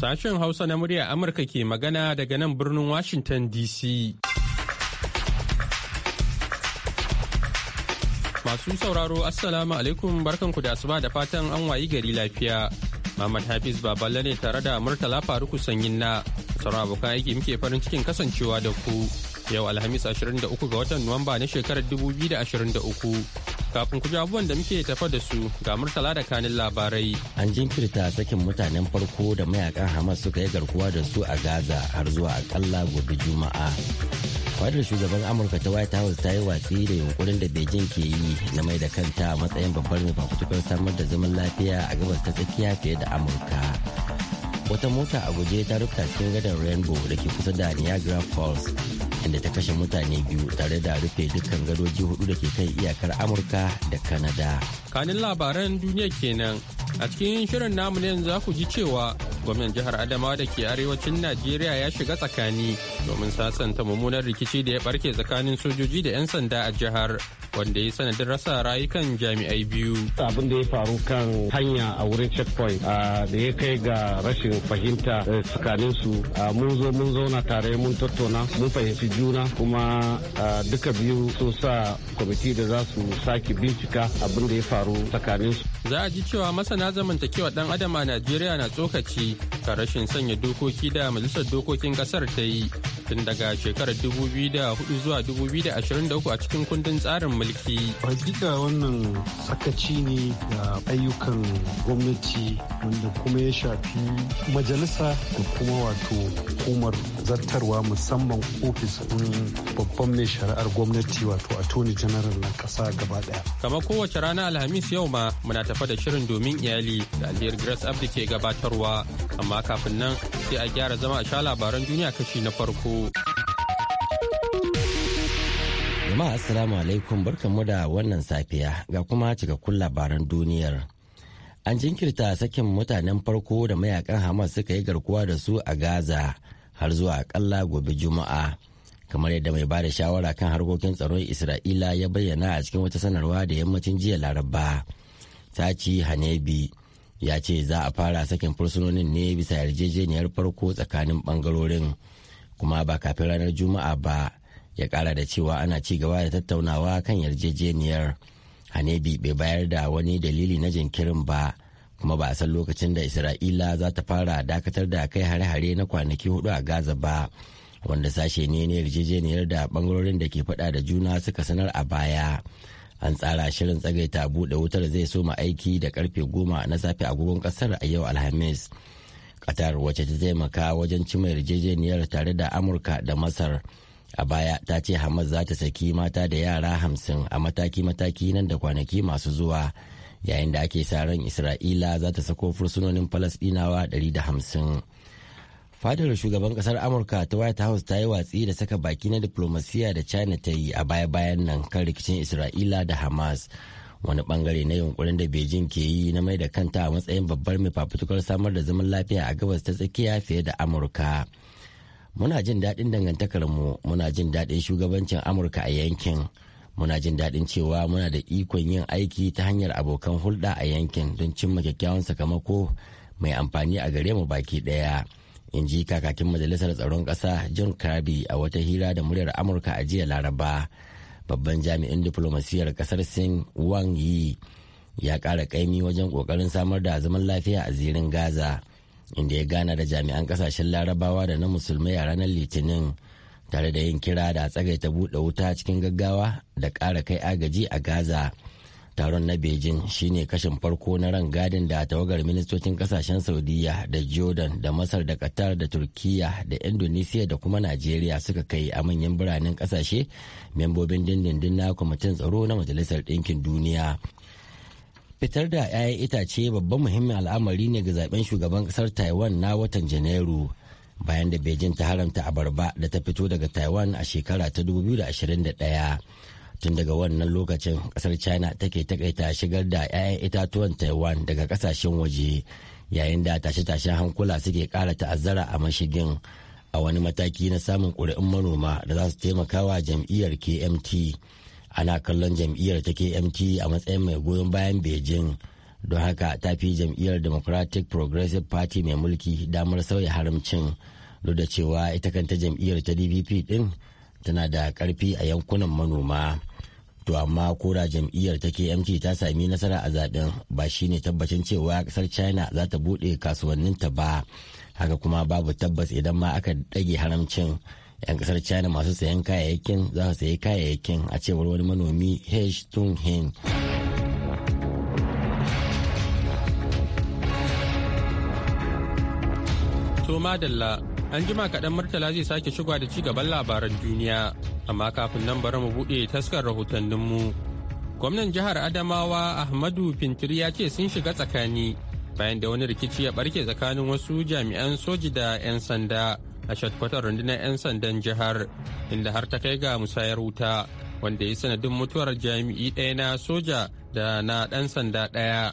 Sashen Hausa na murya Amurka ke magana daga nan birnin Washington DC. Masu sauraro Assalamu alaikum barkanku da asuba da fatan an wayi gari lafiya. Muhammad Hafiz Baballe ne tare da Murtala Faruku Sanyin na sauran abokan aiki muke farin cikin kasancewa da ku. Yau Alhamis 23 ga watan Nuwamba na shekarar 2023 Kafin ku abubuwan da muke tafa da su ga murtala da kanin labarai. An jinkirta sakin mutanen farko da mayakan Hamas suka yi garkuwa da su a Gaza har zuwa akalla gobe Juma'a. Fadar shugaban Amurka ta White House ta yi watsi da yunkurin da Beijing ke yi na mai da kanta a matsayin babbar mai fafutukar samar da zaman lafiya a gabas ta tsakiya fiye da Amurka. wata mota a guje ta rufta cikin gadar rainbow da ke kusa da niagara falls inda ta kashe mutane biyu tare da rufe dukkan gadoji hudu da ke kai iyakar amurka da kanada kanin labaran duniya kenan a cikin shirin namu ne za ku ji cewa gwamnan jihar adamawa da ke arewacin najeriya ya shiga tsakani domin sasanta mummunar rikici da ya barke tsakanin sojoji da 'yan sanda a jihar wanda ya sanadin rasa rayukan jami'ai biyu. Abin da ya faru kan hanya a wurin checkpoint da ya kai ga rashin fahimta eh, tsakanin su mun zo mun zauna tare mun tattauna mun fahimci juna kuma duka biyu sun sa kwamiti da za su sake bincika abin da ya faru tsakanin su. Za a ji cewa masana zamantakewa dan adam a Najeriya na tsokaci ka rashin sanya dokoki da majalisar dokokin kasar ta yi tun daga shekarar 2004 zuwa 2023 a cikin kundin tsarin mulki. Hakika wannan sakaci ne da ayyukan gwamnati wanda kuma ya shafi majalisa da kuma wato hukumar zartarwa musamman ofis ɗin babban mai shari'ar gwamnati wato attorney general na ƙasa gaba ɗaya. Kamar kowace rana Alhamis yau ma muna tafa da shirin domin iyali da Aliyar Grace Abdi ke gabatarwa amma kafin nan sai a gyara zama a sha labaran duniya kashi na farko. ku. Jama'a Assalamu alaikum barkanmu da wannan safiya ga kuma cikakkun labaran duniyar. An jinkirta sakin mutanen farko da mayakan Hamas suka yi garkuwa da su a Gaza har zuwa akalla gobe Juma'a. Kamar yadda mai bada shawara kan harkokin tsaron Isra'ila ya bayyana a cikin wata sanarwa da yammacin jiya Laraba. Sachi Hanebi ya ce za a fara sakin fursunonin ne bisa yarjejeniyar farko tsakanin bangarorin. kuma ba kafin ranar juma'a ba ya kara da cewa ana ci gaba da tattaunawa kan yarjejeniyar hanebi bai bayar da wani dalili na jinkirin ba kuma ba a san lokacin da isra'ila za ta fara dakatar da kai hare-hare na kwanaki hudu a gaza ba wanda sashe ne na yarjejeniyar da bangarorin da ke fada da juna suka sanar a baya an tsara shirin tsagaita buɗe wutar zai soma aiki da karfe goma na safe agogon kasar a yau alhamis qatar wacce ta taimaka wajen cima yarjejeniyar tare da amurka da masar a baya ta ce hamas za ta saki mata da yara hamsin a mataki-mataki nan da kwanaki masu zuwa yayin da ake sa ran isra'ila za ta sako fursunonin da 150 fadar shugaban kasar amurka ta white house ta yi watsi da saka baki na diplomasiya da china ta yi a baya-bayan nan kan rikicin isra'ila da hamas wani bangare na yunkurin da beijing ke yi na mai da kanta a matsayin babbar mai fafutukar samar da zaman lafiya a gabas ta tsakiya fiye da amurka muna jin daɗin dangantakarmu muna jin daɗin shugabancin amurka a yankin muna jin daɗin cewa muna da ikon yin aiki ta hanyar abokan hulɗa a yankin don cimma kyakkyawan sakamako mai amfani a gare mu baki ɗaya in ji kakakin majalisar tsaron ƙasa john kirby a wata hira da muryar amurka a jiya laraba babban jami'in diplomasiyar kasar sin wang yi ya ƙara kaimi wajen ƙoƙarin samar da zaman lafiya a zirin gaza inda ya gana da jami'an ƙasashen larabawa da na musulmai a ranar litinin tare da yin kira da tsagaita buɗe wuta cikin gaggawa da ƙara kai agaji a gaza. taron na beijing shine kashin farko na ran gadin da tawagar ministocin kasashen saudiya da jordan da masar da qatar da turkiya da indonesia da kuma najeriya suka kai a manyan biranen kasashe membobin dindindin na kwamitin tsaro na majalisar ɗinkin duniya fitar da 'ya'yan itace babban muhimmin al'amari ne ga zaben shugaban kasar taiwan na watan janairu bayan da beijing ta haramta abarba da ta fito daga taiwan a shekara ta 2021 tun daga wannan lokacin kasar china take takaita shigar da 'ya'yan itatuwan taiwan daga kasashen waje yayin da tashe-tashen hankula suke kara ta'azzara a mashigin a wani mataki na samun ƙuri'un manoma da za su taimakawa jam'iyyar kmt ana kallon jam'iyyar ta kmt a matsayin mai goyon bayan beijing don haka ta fi jam'iyyar democratic progressive party mai mulki damar sauya haramcin duk da cewa ita kanta jam'iyyar ta dpp din tana da karfi a yankunan manoma to amma kora jam'iyyar ta KMT ta sami nasara a zaben ba shi ne tabbacin cewa kasar China za ta bude ta ba haka kuma babu tabbas idan ma aka ɗage haramcin 'yan kasar China masu sayan kayayyakin za su sayi kayayyakin a cewar wani manomi H. Tung Hin. To madalla an jima kaɗan Murtala zai sake shigwa da ci gaban labaran duniya. amma kafin nan bari mu buɗe taskar rahotanninmu. Gwamnan jihar Adamawa Ahmadu Fintiri ya ce sun shiga tsakani bayan da wani rikici ya barke tsakanin wasu jami'an soji da 'yan sanda a shatkwatar rundunar 'yan sandan jihar inda har ta kai ga musayar wuta wanda ya sanadin mutuwar jami'i ɗaya na soja da na ɗan sanda ɗaya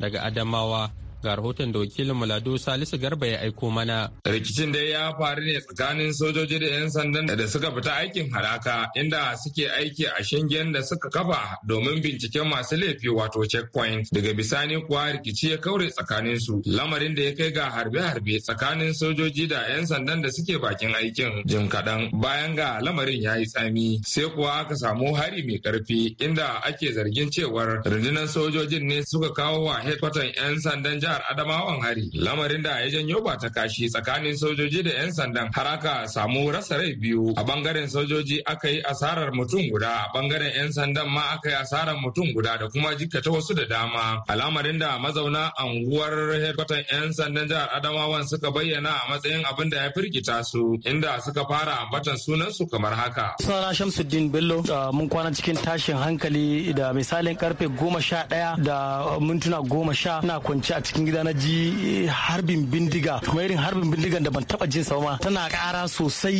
daga Adamawa ga rahoton da wakilin Mulado Salisu Garba ya aiko mana. Rikicin dai ya faru ne tsakanin sojoji da 'yan sandan da suka fita aikin haraka inda suke aiki a shingen da suka kafa domin binciken masu laifi wato checkpoint. Daga bisani kuwa rikici ya kaure tsakanin su lamarin da ya kai ga harbe-harbe tsakanin sojoji da 'yan sandan da suke bakin aikin jin kaɗan bayan ga lamarin ya yi tsami sai kuwa aka samu hari mai ƙarfi, inda ake zargin cewar rundunar sojojin ne suka kawo wa hedkwatan 'yan sandan jihar Adamawan hari. Lamarin da ya janyo ba ta kashi tsakanin sojoji da 'yan sandan har aka samu rasa rai biyu. A bangaren sojoji aka yi asarar mutum guda, a bangaren 'yan sandan ma aka yi asarar mutum guda da kuma jikkata wasu da dama. a lamarin da mazauna anguwar hedkwatan 'yan sandan jihar Adamawan suka bayyana a matsayin abin da ya firgita su, inda suka fara ambatan sunansu kamar haka. Sara Shamsuddin Bello mun kwana cikin tashin hankali da misalin karfe goma sha ɗaya da mintuna goma sha na kwanci a cikin cikin gida na ji harbin bindiga kuma irin harbin bindigan da ban taba jin sa ma tana kara sosai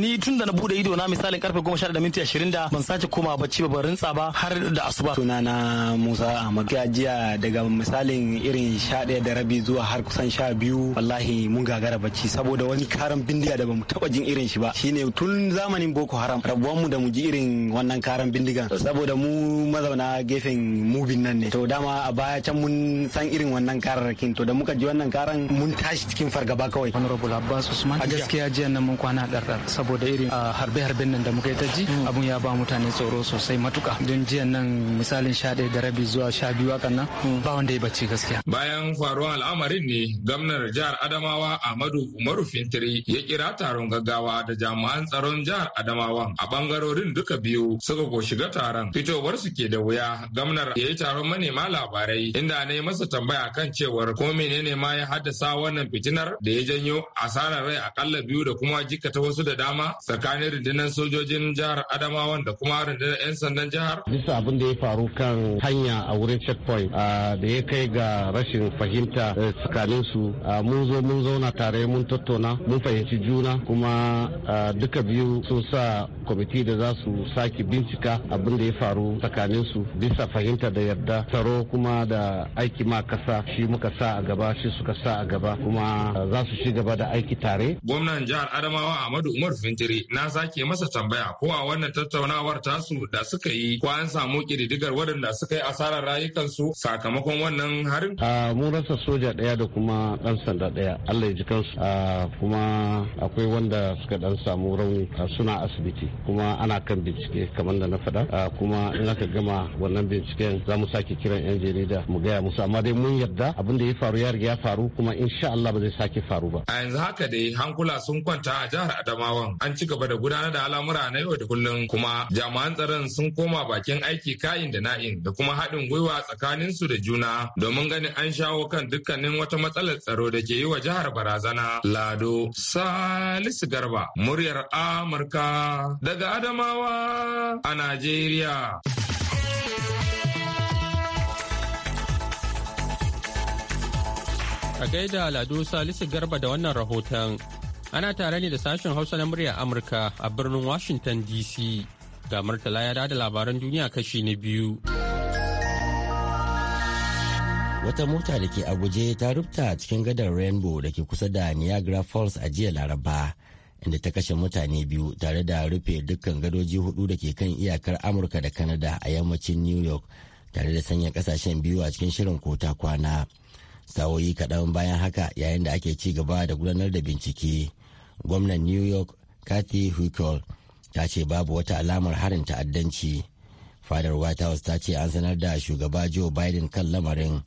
ni tun na bude ido na misalin karfe 10:20 da minti 20 ban sace koma bacci ba ban rintsa ba har da asuba na Musa Ahmad gajiya daga misalin irin 11 da rabi zuwa har kusan 12 wallahi mun gagara bacci saboda wani karan bindiga da bamu taba jin irin shi ba shine tun zamanin Boko Haram rabuwan mu da mu ji irin wannan karan bindiga. saboda mu mazauna gefen mubin nan ne to dama a baya can mun san irin wannan karan kararrakin to da muka ji wannan karan mun tashi cikin fargaba kawai honorable abbas usman a gaskiya jiya nan mun kwana ɗarɗar saboda irin ah, harbe harben nan da muka yi ta ji hmm. abun ya ba mutane tsoro sosai matuka don jiyan nan misalin sha ɗaya da rabi zuwa sha biyu hakan nan hmm. ba wanda ya bacci gaskiya bayan faruwar al'amarin ne gwamnar jihar adamawa ahmadu umaru fintiri ya kira taron gaggawa da jami'an tsaron jihar adamawa a bangarorin duka biyu suka ko shiga taron fitowar su ke da wuya gwamnar ya yi taron manema labarai inda yi masa tambaya kan cewa cewar ko menene ma ya haddasa wannan fitinar da ya janyo asarar rai akalla biyu da kuma ta wasu da dama tsakanin rundunar sojojin jihar Adamawan da kuma rundunar 'yan sandan jihar. Bisa abin da ya faru kan hanya a wurin checkpoint da ya kai ga rashin fahimta eh, tsakanin su mun zo mun zauna tare mun tattauna mun fahimci juna kuma duka biyu sun sa kwamiti da za su sake bincika abin da ya faru tsakanin su bisa fahimta da yarda tsaro kuma da aiki ma kasa shi muka sa a gaba shi suka sa a gaba kuma eh, za su ci gaba da aiki tare. Gwamnan jihar Adamawa Ahmadu Umar Fintiri na sake masa tambaya ko a wannan tattaunawar tasu da suka yi ko an samu kididdigar waɗanda suka yi asarar rayukansu sakamakon wannan harin. Mun rasa soja ɗaya da kuma ɗan sanda ɗaya Allah ya ji kansu kuma akwai wanda suka ɗan samu rauni suna asibiti kuma ana kan bincike kamar da na faɗa kuma in aka gama wannan binciken za mu sake kiran 'yan jarida mu gaya musu amma dai mun yarda abin da ya faru ya riga ya faru kuma insha Allah ba zai sake faru ba. A yanzu haka dai hankula sun kwanta a jihar Adamawan an ci gaba da gudanar da al'amura na yau da kullum kuma jami'an tsaron sun koma bakin aiki ka'in da na'in da kuma haɗin gwiwa tsakanin su da juna domin ganin an shawo kan dukkanin wata matsalar tsaro da ke yi wa jihar barazana. Lado Salisu Garba muryar Amurka daga Adamawa a Najeriya. A gaida aladu Salisu Garba da wannan rahoton. Ana tare ne da sashen Hausa na muryar Amurka a birnin Washington DC. Ga Murtala ya da labaran duniya kashi na biyu. Wata mota da ke aguje ta rubta cikin gadar Rainbow da ke kusa da Niagara Falls a jiya Laraba, inda ta kashe mutane biyu tare da rufe dukkan gadoji hudu da ke kan iyakar Amurka da Canada a yammacin New York, tare da sanya kasashen biyu a cikin shirin kota kwana. sawoyi kaɗan bayan haka yayin da ake ci gaba da gudanar da bincike gwamnan new york kathy huckel ta ce babu wata alamar harin ta'addanci fadar white house ta ce an sanar da shugaba joe biden kan lamarin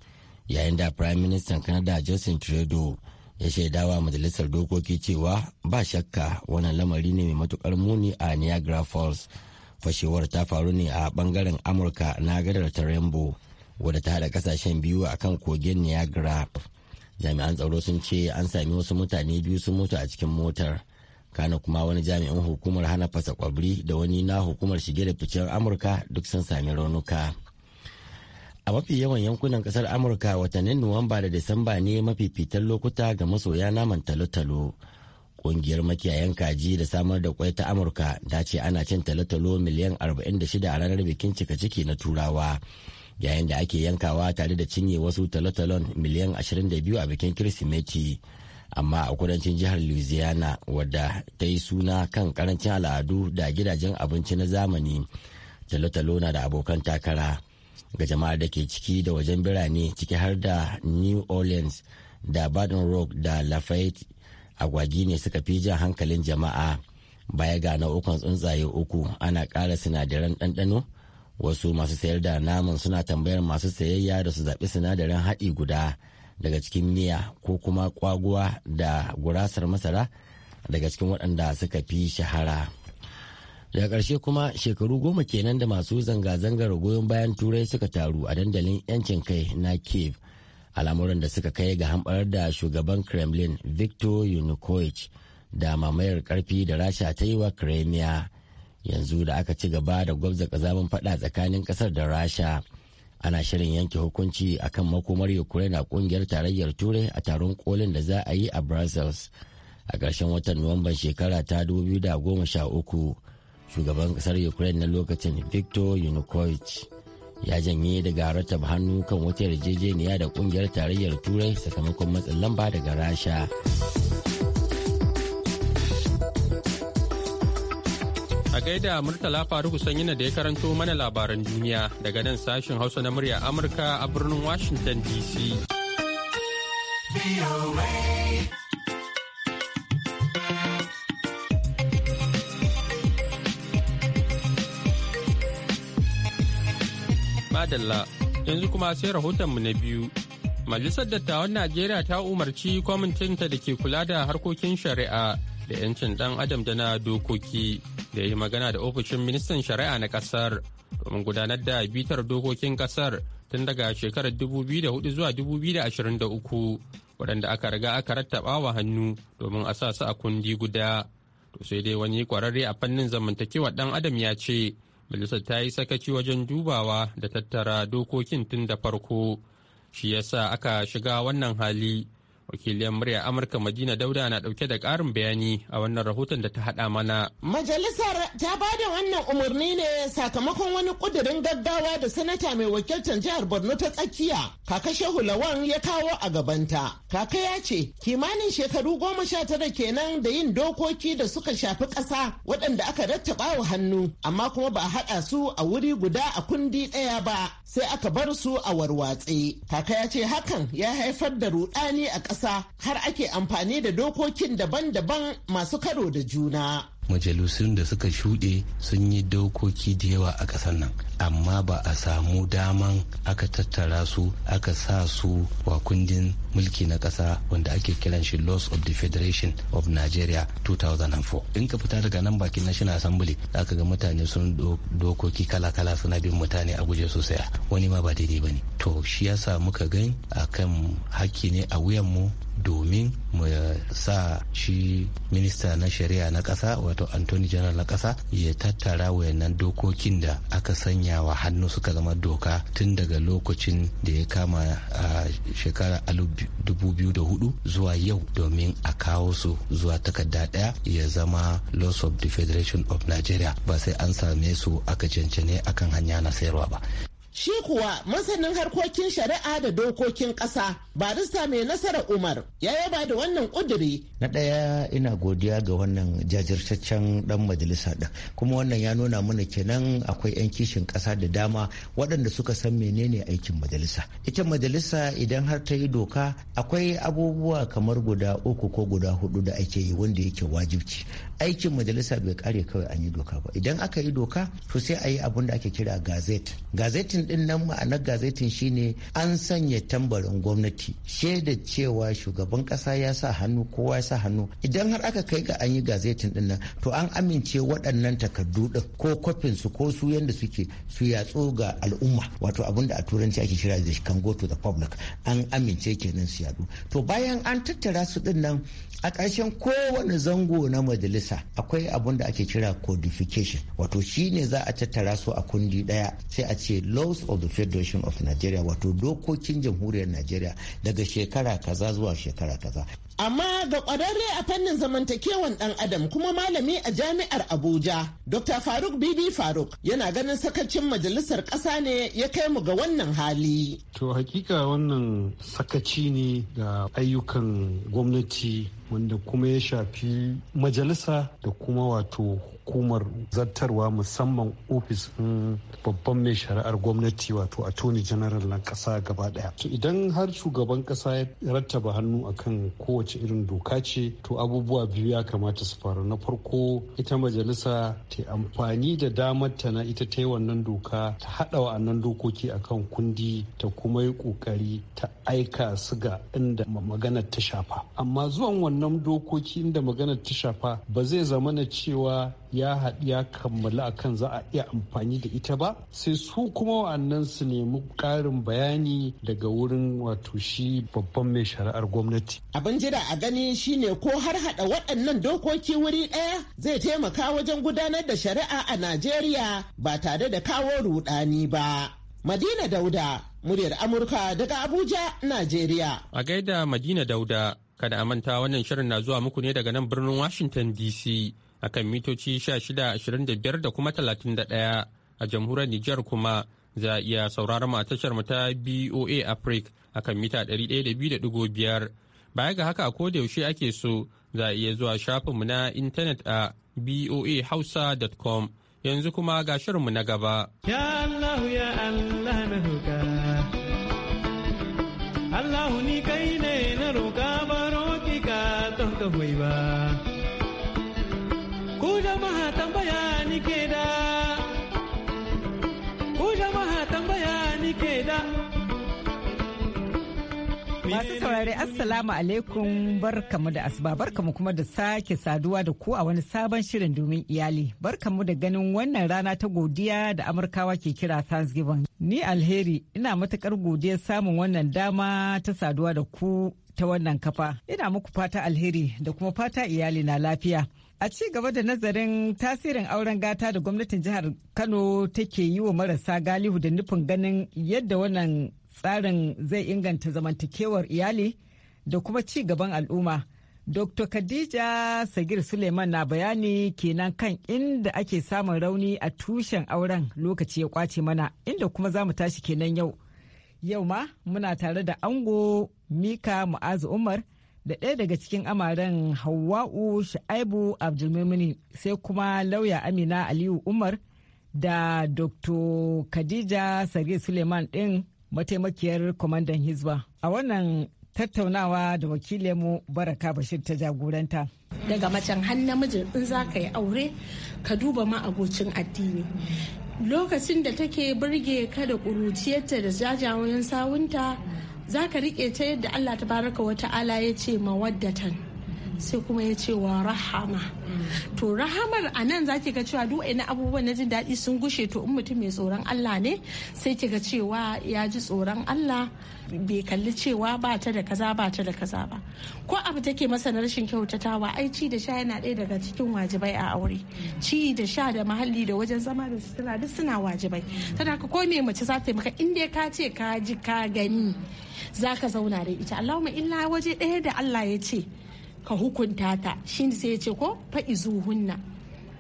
yayin da prime minister canada justin trudeau ya shaidawa majalisar dokoki cewa ba shakka wannan lamari ne mai matukar muni a niagara falls fashewar ta faru ne a bangaren amurka na gadar ta rainbow wadda ta haɗa kasashen biyu a kan kogin niagara jami'an tsaro sun ce an sami wasu mutane biyu sun mutu a cikin motar kana kuma wani jami'in hukumar hana fasa kwabri da wani na hukumar shige da fice amurka duk sun sami raunuka a mafi yawan yankunan kasar amurka watannin nuwamba da disamba ne mafi fitar lokuta ga masoya naman talotalo ƙungiyar kungiyar makiyayan kaji da samar da kwai ta amurka ta ce ana cin talotalo miliyan 46 a ranar bikin cika ciki na turawa yayin da ake yankawa tare da cinye wasu talotalon miliyan 22 a bikin kirsimeti amma a kudancin jihar louisiana wadda ta yi suna kan karancin al'adu da gidajen abinci na zamani talotalo na da abokan takara ga jama'ar da ke ciki da wajen birane ciki har da new orleans da baton rock da lafayette agwagi ne suka fi jan hankalin jama'a baya ga nau'ukan tsuntsaye uku ana ƙara sinadaran ɗanɗano wasu masu sayar da naman suna tambayar masu sayayya da su zaɓi sinadarin haɗi guda daga cikin miya ko kuma kwaguwa da gurasar masara daga cikin waɗanda suka fi shahara daga ƙarshe kuma shekaru goma kenan da masu zanga-zangar goyon bayan turai suka taru a dandalin 'yancin kai na kiev al'amuran da suka kai ga hamɓarar da shugaban kremlin victor yanukovych da mamayar ƙarfi da rasha ta yi wa crimea yanzu da aka ci gaba da gwabza kazamin fada tsakanin kasar da rasha ana shirin yanke hukunci akan makomar ukraine a kungiyar tarayyar turai a taron kolin da za a yi a brussels a ƙarshen watan nuwamban shekara ta 2013 shugaban kasar ukraine na lokacin victor yanukovych ya janye daga rattaba hannu kan wata yarjejeniya da kungiyar tarayyar turai sakamakon matsin lamba daga rasha A gaida Murtala Faruku Sanyina da ya karanto mana labaran duniya daga nan sashen Hausa na murya Amurka a birnin Washington DC. Madalla, yanzu kuma sai rahotonmu na biyu. Majalisar Dattawan Najeriya ta umarci kwamitinta da ke kula da harkokin shari'a da 'yancin ɗan adam da na dokoki da ya yi magana da ofishin ministan shari'a na kasar domin gudanar da bitar dokokin kasar tun daga shekarar 2004 zuwa 2023 waɗanda aka riga aka rattaba wa hannu domin a sa su a kundi guda to sai dai wani kwararre a fannin zamantakewar ɗan adam ya ce majalisar ta yi sakaci wajen dubawa da tattara dokokin tun da farko shi yasa aka shiga wannan hali wakiliyar murya amurka madina dauda na dauke da karin bayani a wannan rahoton da ta hada mana majalisar ta ba da wannan umarni ne sakamakon wani kudirin gaggawa da sanata mai wakiltar jihar borno ta tsakiya kaka shehu lawan ya kawo a gabanta kaka ya ce kimanin shekaru goma sha tara kenan da yin dokoki da suka shafi ƙasa waɗanda aka rattaba wa hannu amma kuma ba a haɗa su a wuri guda a kundi ɗaya ba sai aka bar su a warwatse kaka ya ce hakan ya haifar da ruɗani a ƙasa ƙasa har ake amfani da dokokin daban-daban masu karo da juna. majalisun da suka shuɗe sun yi dokoki da yawa a ƙasar nan amma ba a samu daman aka tattara su aka sa su wa kundin mulki na ƙasa wanda ake kiran shi laws of the federation of nigeria 2004 in ka fita daga nan bakin national assembly aka ga mutane sun dokoki kala-kala suna bin mutane a guje sosai wani ma ba daidai ba ne to shi yasa muka gani akan hakki ne a wuyanmu domin mu sa shi minista na shari'a na ƙasa wato antony general na ƙasa ya tattara wayannan dokokin da aka sanya wa hannu suka zama doka tun daga lokacin da ya kama a shekara 2004 zuwa yau domin a kawo su zuwa takarda ɗaya ya zama laws of the federation of nigeria ba sai an same su aka cancane akan hanya na sayarwa ba Shi kuwa masanin harkokin shari'a da dokokin ƙasa barista mai nasara Umar ya yaba da wannan ƙuduri. Na ɗaya ina godiya ga wannan jajirtaccen ɗan majalisa ɗin kuma wannan ya nuna mana kenan akwai 'yan kishin ƙasa da dama waɗanda suka san menene aikin majalisa. Ita majalisa idan har ta yi doka akwai abubuwa kamar guda uku ko guda hudu da ake yi wanda yake wajibci. Aikin majalisa bai kare kawai an yi doka ba. Idan aka yi doka to sai a yi abun da ake kira gazet. Gazetin din nan ma'anar gazetin shine an sanya tambarin gwamnati shaida cewa shugaban kasa ya sa hannu kowa ya sa hannu idan har aka kai ga an yi gazetin din nan to an amince waɗannan takardu din ko kwafin su ko su yanda suke su yatsu ga al'umma wato abin da a turanci ake kira da kan go to the public an amince kenan su yadu to bayan an tattara su din nan a ƙarshen kowane zango na majalisa akwai abun da ake kira codification wato shine za a tattara su a kundi ɗaya sai a ce laws of the federation of nigeria wato dokokin jamhuriyar nigeria daga shekara kaza zuwa shekara kaza amma ga ƙwararre a fannin zamantakewan ɗan adam kuma malami a jami'ar abuja dr faruk bibi faruk yana ganin sakacin majalisar ƙasa ne ya kai mu ga wannan hali to hakika wannan sakaci ne ga ayyukan gwamnati wanda kuma ya shafi majalisa da kuma wato hukumar zartarwa musamman ofis ɗin babban mai shari'ar gwamnati wato attorney general na ƙasa gaba ɗaya to idan har shugaban ƙasa ya rattaba hannu akan kowace irin doka ce to abubuwa biyu ya kamata su faru na farko ita majalisa ta amfani da damar ta na ita ta yi wannan doka ta haɗa wa'annan dokoki akan kundi ta kuma yi ƙoƙari ta aika su ga inda maganar ta shafa amma zuwan wannan dokoki inda maganar ta shafa ba zai zama na cewa ya haɗu ya kammala akan za a iya amfani da ita ba sai su kuma wa'annan su nemi ƙarin bayani daga wurin wato shi babban mai shari'ar gwamnati. Abin jira a gani shine ko har haɗa waɗannan dokoki wuri ɗaya zai taimaka wajen gudanar da shari'a a Najeriya ba tare da kawo ruɗani ba. Madina Dauda, muryar Amurka daga Abuja, Najeriya. A gaida Madina Dauda, kada a manta wannan shirin na zuwa muku ne daga nan birnin Washington DC. akan mitoci 1625 da kuma 31 a jamhuriyar Nijar kuma za a iya sauraron a tashar mu ta BOA Africa akan mita 102.5 baya ga haka ko da yaushe ake so za a iya zuwa shafinmu na intanet a boahausa.com yanzu kuma ga shirinmu na gaba. Ya Allah ya Allah na roƙa. Allah ni kai ne na roƙa baro ki don ka ba. Masu saurari Assalamu alaikum barkamu da asuba barkamu kuma da sake saduwa da ku a wani sabon shirin domin iyali barkamu da ganin wannan rana ta godiya da Amurkawa ke kira Thanksgiving. Ni alheri ina matukar godiyar samun wannan dama ta saduwa da ku ta wannan kafa. Ina muku fata alheri da kuma fata iyali na lafiya. A ci gaba da nazarin tasirin auren gata da gwamnatin jihar Kano take yi wa marasa galihu da nufin ganin yadda wannan tsarin zai inganta zamantakewar iyali da kuma ci gaban al'umma. Dr. Khadija Sagir Suleiman na bayani kenan kan inda ake samun rauni a tushen auren lokaci ya kwace mana inda kuma za mu tashi kenan yau. Yau ma muna tare da ango Mika Mu'azu Umar. da ɗaya daga cikin amaren Hawwa'u Sha'aibu Abdulmumini sai kuma lauya Amina Aliyu Umar da Dr. Khadija Sare Suleiman ɗin mataimakiyar kwamandan Hizba. A wannan tattaunawa da wakilinmu Baraka Bashir ta jagoranta. Daga macen har namijin in za ka yi aure ka duba ma addini. Lokacin da take burge ka da ƙuruciyarta da jajayen sawunta za ka riƙe ta yadda Allah ta baraka wa ta'ala ya ce mawaddatan sai kuma ya ce wa rahama to rahamar a nan za ki ga cewa duk ina abubuwan na jin daɗi sun gushe to in mutum mai tsoron Allah ne sai ki ga cewa ya ji tsoron Allah bai kalli cewa ba ta da kaza ba ta da kaza ba ko abu take masa na rashin kyautatawa ai ci da sha yana ɗaya daga cikin wajibai a aure ci da sha da muhalli da wajen zama da sutura duk suna wajibai tana ka ko mai mace za ta yi maka in ka ce ka ji ka gani za ka zauna da ita allahumma illa waje ɗaya da allah ya ce ka hukunta ta shi sai ya ce ko faɗi zuhunna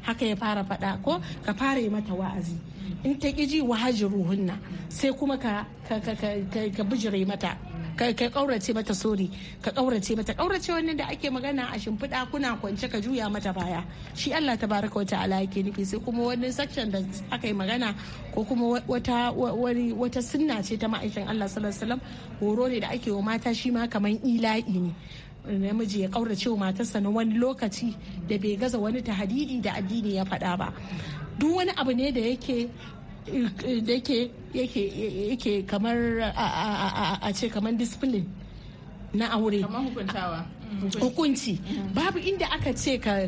haka ya fara faɗa ko ka fara yi mata wa'azi in ta ƙi ji wahaji ruhunna sai kuma ka bijire mata ka ƙaurace mata sori ka ƙaurace mata ƙaurace wannan da ake magana a shimfiɗa kuna kwance ka juya mata baya shi Allah ta baraka wata ala yake nufi sai kuma wani section da aka yi magana ko kuma wata wani wata sunna ce ta ma'aikin Allah sallallahu alaihi wasallam horo ne da ake wa mata shi ma kaman ila'i ne namiji ya ƙaurace wa matarsa na wani lokaci da bai gaza wani tahadidi da addini ya faɗa ba duk wani abu ne da yake da yake kamar a ce kamar discipline na aure Mm-hmm. hukunci mm-hmm. babu inda aka ce ka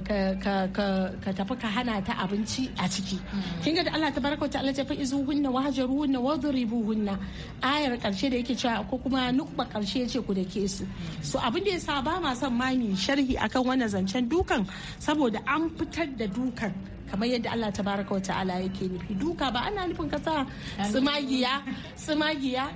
tafi ka hana ta abinci a ciki mm-hmm. kin ga da Allah tabaraka wa ta'ala ta fa izuhunna wahjaruhunna hunna ayar karshe da yake cewa ko kuma nukba karshe yace ku da ke su so abin da yasa ba ma son mami sharhi akan wannan zancen dukan saboda an fitar da dukan kamar yadda Allah tabaraka wa ta'ala yake nufi duka ba ana nufin kasa sumagiya sumagiya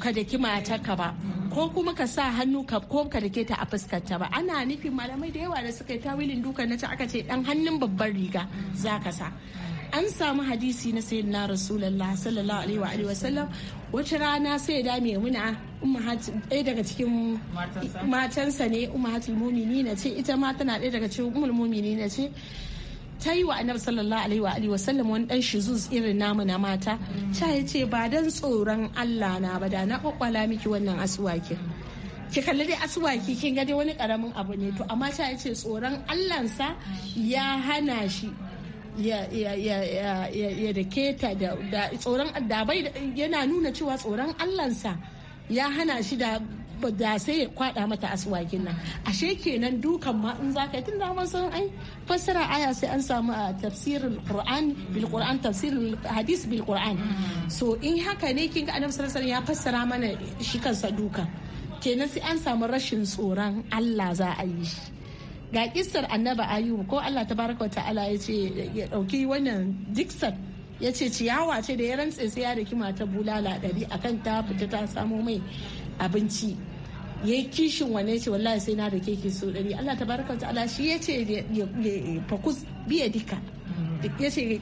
ka da mata ka ba ko kuma ka sa hannu ka ko ka ke ta a fuskarta ba ana nufin malamai da yawa da suka yi tawilin dukan na ta aka ce dan hannun babban riga za ka sa an samu hadisi na na rasulullah sallallahu alaihi wa sallam wasallam rana sai da mai muna ɗaya daga cikin matansa ne umma hatul mumini na ce ita ma tana ɗaya daga cikin umul mumini na ce ta yi wa annabi sallallahu alaihi wa alihi wa sallam wani dan shizuz irin namu na mata ta yace ba dan tsoron Allah na ba da na kwakwala miki wannan asuwaki ki kalli dai asuwaki kin ga dai wani karamin abu ne to amma ta yace tsoron Allahnsa ya hana shi ya da keta da tsoron da bai yana nuna cewa tsoron Allahnsa ya hana shi da da sai ya kwada mata asuwakin nan ashe kenan dukan ma in zaka tun da mun san ai fassara aya sai an samu a tafsirin qur'an bil qur'an tafsirin hadis bil qur'an so in haka ne kinga annabi sallallahu ya fassara mana shi kansa dukan kenan sai an samu rashin tsoron Allah za a yi shi ga kissar annaba ayub ko Allah tabaraka ta'ala ya ce ya dauki wannan diksar ya ce ciyawa ce da ya rantse sai ya daki ta bulala dari akan ta fita ta samo mai abinci ya yi kishin wane ce wallahi sai na da keke so dari Allah ta baraka ta'ala shi ya ce ya fokus biya dika ya ce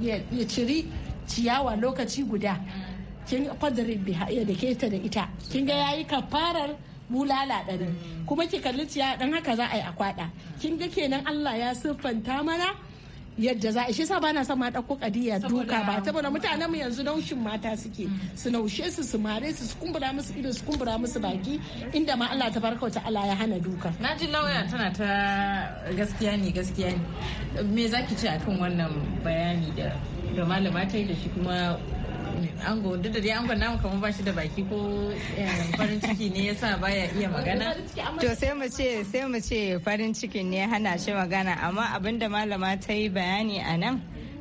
ya ciri ciyawa lokaci guda kin kwadari biya ya da keta da ita kin ga yayi kafarar bulala ɗari kuma ki kalli ciyawa dan haka za a yi akwada kin ga kenan Allah ya siffanta mana yadda za a shi sa ba na son ma ɗauko kadiya duka ba saboda mutanen mu yanzu naushin mata suke su naushe su su mare su su kumbura musu ido su kumbura musu baki inda ma Allah ta barka ta Allah ya hana duka na ji lauya tana ta gaskiya ne gaskiya ne me zaki ce akan wannan bayani da da malama ta yi da shi kuma ango duk da dai angon namu kamar ba shi da baki ko eh, farin ciki ne yasa baya iya magana to sai mu ce sai mu ce farin cikin ne hana shi magana amma abinda malama ta yi bayani a nan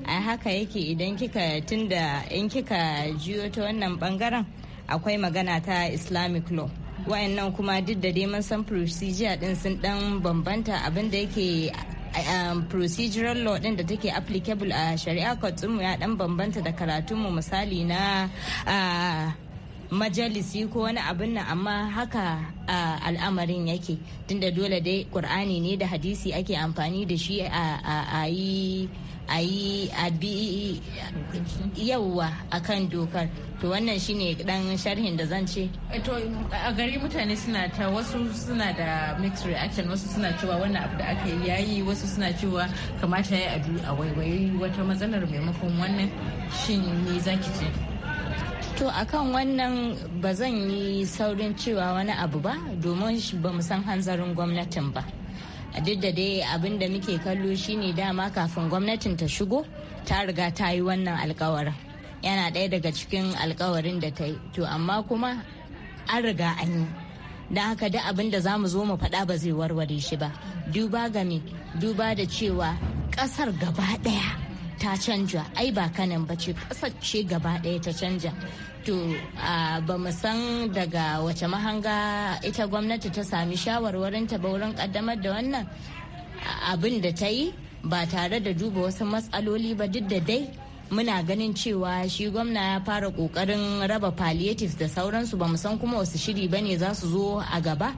a haka yake idan kika tunda in kika jiyo ta wannan bangaren akwai magana ta islamic law wayannan kuma duk da dai mun san procedure din sun dan bambanta abinda yake Um, procedural law ɗin da take applicable a shari'a kwatsunmu ya ɗan bambanta da karatunmu misali na uh, majalisi ko wani abin nan amma haka al'amarin yake tunda dole dai kur'ani ne da hadisi ake amfani da shi a yi a yi yauwa a kan dokar to wannan shine dan sharhin da zan ce eh, to a gari mutane suna ta wasu suna da mixed reaction wasu suna cewa wannan abu da aka yi yayi wasu suna cewa kamata ya yi a waiwayi wata matsalar maimakon wannan shin ne zaki ce to akan wannan ba zan yi saurin cewa wani abu ba domin ba mu san hanzarin gwamnatin ba duk da dai abin da muke kallo shine dama kafin gwamnatin ta shigo ta riga ta yi wannan alkawarin yana ɗaya daga cikin alkawarin da ta yi to amma kuma an riga an yi don haka duk abin da za mu zo mu faɗa ba zai warware shi ba duba game, duba da cewa ƙasar gaba ɗaya ta canja ai ba kanan ba ce ƙasar gaba ɗaya ta canja to ba mu san daga wace mahanga ita gwamnati ta sami shawarwarinta ba wurin ƙaddamar da wannan abin da ta yi ba tare da duba wasu matsaloli ba duk da dai muna ganin cewa shi gwamna ya fara kokarin raba palliatives da sauransu ba san kuma wasu shiri ba ne za su zo a gaba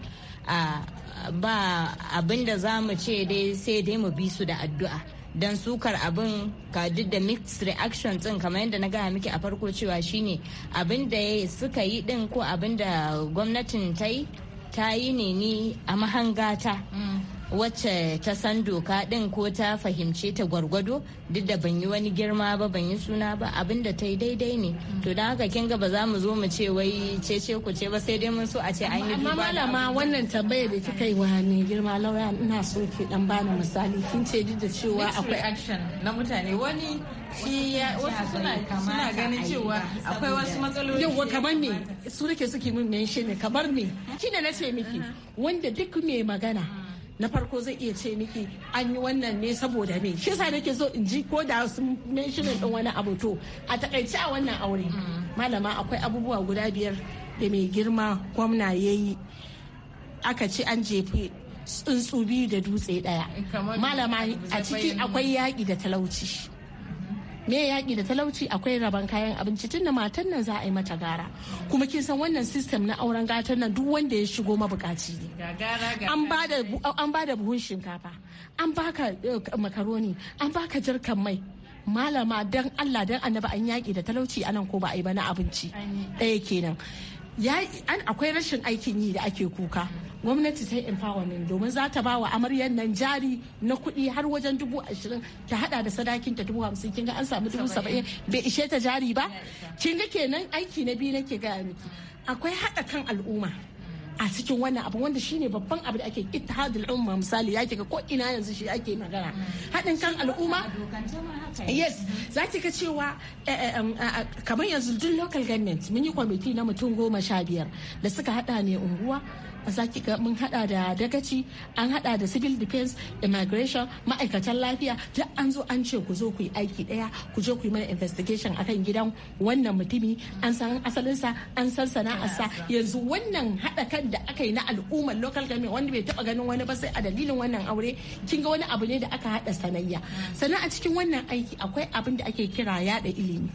ba abin da za mu ce dai sai dai mu bi su da addu'a don sukar abin ka da mixed reaction din kamar yadda na gaya miki a farko cewa shine abin da suka yi din ko abin da gwamnatin ta yi ta yi ne ni a mahangata mm. wacce ta san doka ɗin ko ta fahimce ta gwargwado duk da ban yi wani girma ba ban yi suna ba abin da ta yi daidai ne to don haka kin ba za mu zo mu ce wai ce ce ku ce ba sai dai mun so a ce an yi amma malama wannan tambaya da kika yi wa ne girma lauya ina so ki dan bani misali kin ce duk da cewa akwai action na mutane wani shi wasu suna suna ganin cewa akwai wasu matsaloli wa kamar me su nake suke min mention ne kamar me kina na ce miki uh-huh. wanda duk mai magana na farko zai iya ce miki an yi wannan ne saboda me shi yasa nake so in ji ko da sun mentionin din wani abu to a takaice a wannan aure mm. malama akwai abubuwa guda biyar da mai girma gwamna ya yi aka ci an jefi tsuntsu biyu da dutse daya malama a ciki akwai yaƙi da talauci me yaƙi da talauci akwai rabon kayan abinci tun da matan nan za a yi mata gara kuma kin san wannan system na auren gatan nan duk wanda ya shigo mabukaci ne an ba da buhun shinkafa an baka eh, makaroni an baka jarkan mai malama dan Allah dan annaba an yaƙi da talauci anan ko ba a yi ba na abinci ɗaya kenan akwai rashin aikin yi da ake kuka gwamnati ta empowerment domin za ta ba wa amaryar nan jari na kuɗi har wajen dubu ashirin ta hada da sadakin ta dubu hamsin kin ga an samu dubu saba'in bai ishe ta jari ba kin ga kenan aiki na biyu nake gaya miki akwai haɗa kan al'umma a cikin wannan abu wanda shine babban abu da ake ittihadul umma misali yake ga ko ina yanzu shi ake magana haɗin kan al'umma yes za ka ga cewa eh, eh, kamar yanzu duk local government mun yi kwamiti na mutum goma sha biyar da suka hada ne unguwa za ki ga mun hada da dagaci an hada da civil defense immigration ma'aikatan lafiya duk an zo an ce ku zo ku yi aiki daya ku je ku yi mana investigation akan gidan wannan mutumi an san asalinsa an san sana'arsa yanzu wannan hada kan da aka yi na al'ummar local government wanda bai taba ganin wani ba sai a dalilin wannan aure kin ga wani abu ne da aka hada sanayya a cikin wannan aiki akwai abin da ake kira yada ilimi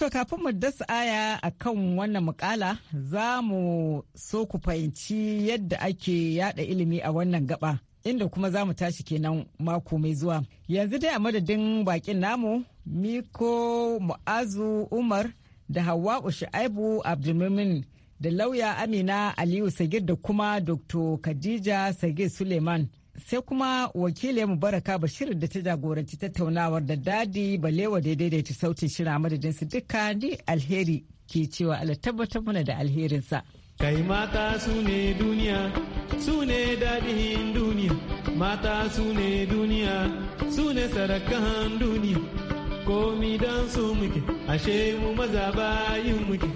To kafin mu dasa aya a kan wannan mukala za mu so ku fahimci yadda ake yada ilimi a wannan gaba inda kuma za mu tashi kenan mako mai zuwa. Yanzu dai a madadin bakin namu Miko Mu'azu Umar da Hawwa Shu'aibu Abdulmumin da lauya Amina Aliyu Sagir da kuma Dr. Khadija Sagir Suleiman. sai kuma wakilin mubaraka bashir da ta jagoranci tattaunawar da dadi balewa da daidaita sautin shirin madadin su duka ni alheri ke cewa ala tabbatar mana da alherinsa kai mata su ne duniya su ne dadihin duniya mata su ne duniya su ne sarakan duniya komi dan su muke ashe mu maza bayin muke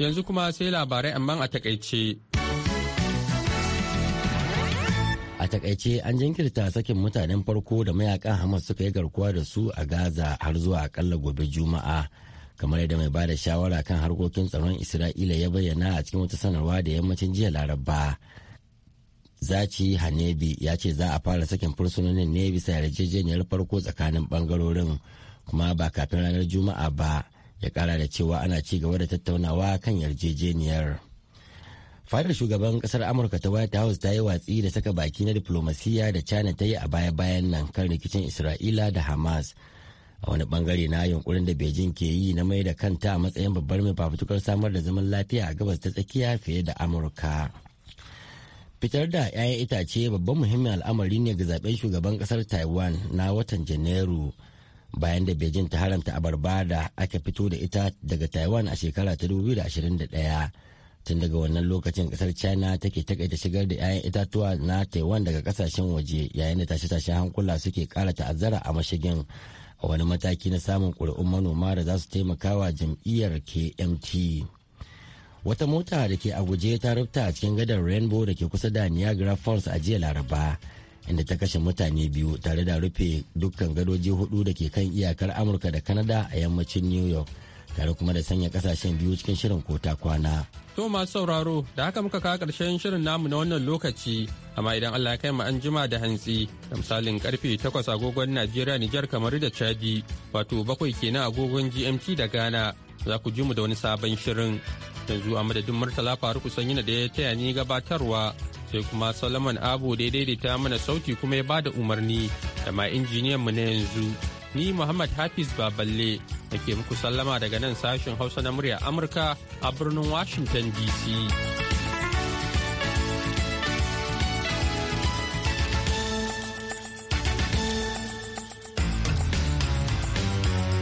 yanzu kuma sai labarai amma a takaice a takaice an jinkirta sakin mutanen farko da mayakan hamas suka yi garkuwa da su a gaza har zuwa akalla gobe juma'a kamar yadda mai bada shawara kan harkokin tsaron isra'ila ya bayyana a cikin wata sanarwa da yammacin jiya laraba zaci hanebi ya ce za a fara sakin fursunonin ne bisa yarjejeniyar farko tsakanin bangarorin kuma ba kafin ranar juma'a ba ya kara da cewa ana ci gaba da tattaunawa kan yarjejeniyar fadar shugaban kasar amurka ta white house ta yi watsi da saka baki na diplomasiya da china ta yi a baya-bayan nan kan rikicin isra'ila da hamas a wani bangare na yunkurin da beijing ke yi na mai da kanta a matsayin babbar mai fafutukar samar da zaman lafiya a gabas ta tsakiya fiye da amurka fitar da 'ya'yan itace babban muhimmin al'amari ne ga zaben shugaban kasar taiwan na watan janairu bayan da beijing ta haramta abarba da aka fito da ita daga taiwan a shekara ta 2021 tun daga wannan lokacin kasar china take takaita shigar da 'ya'yan itatuwa na taiwan daga kasashen waje yayin da tashe-tashen hankula suke kara ta'azzara a mashigin a wani mataki na samun kuri'un manoma da za su taimaka wa jam'iyyar kmt wata mota da ke a guje ta rufta a cikin gadar rainbow da ke kusa da niagara falls a jiya laraba inda ta kashe mutane biyu tare da rufe dukkan gadoji hudu da ke kan iyakar amurka da Kanada a yammacin new york tare kuma da sanya kasashen biyu cikin shirin kota kwana. To masu sauraro da haka muka kawo karshen shirin namu na wannan lokaci amma idan Allah ya kai mu an jima da hantsi da misalin karfe takwas agogon Najeriya Nijar kamar da Chadi wato bakwai kenan agogon GMT da Ghana za ku ji mu da wani sabon shirin yanzu a madadin Murtala Faruku Sanyina da ya taya ni gabatarwa sai kuma Solomon Abu da ya daidaita mana sauti kuma ya ba da umarni da ma injiniyan mu na yanzu. ni Muhammad Hafiz Baballe da ke muku sallama daga nan sashin Hausa na murya Amurka a birnin Washington DC.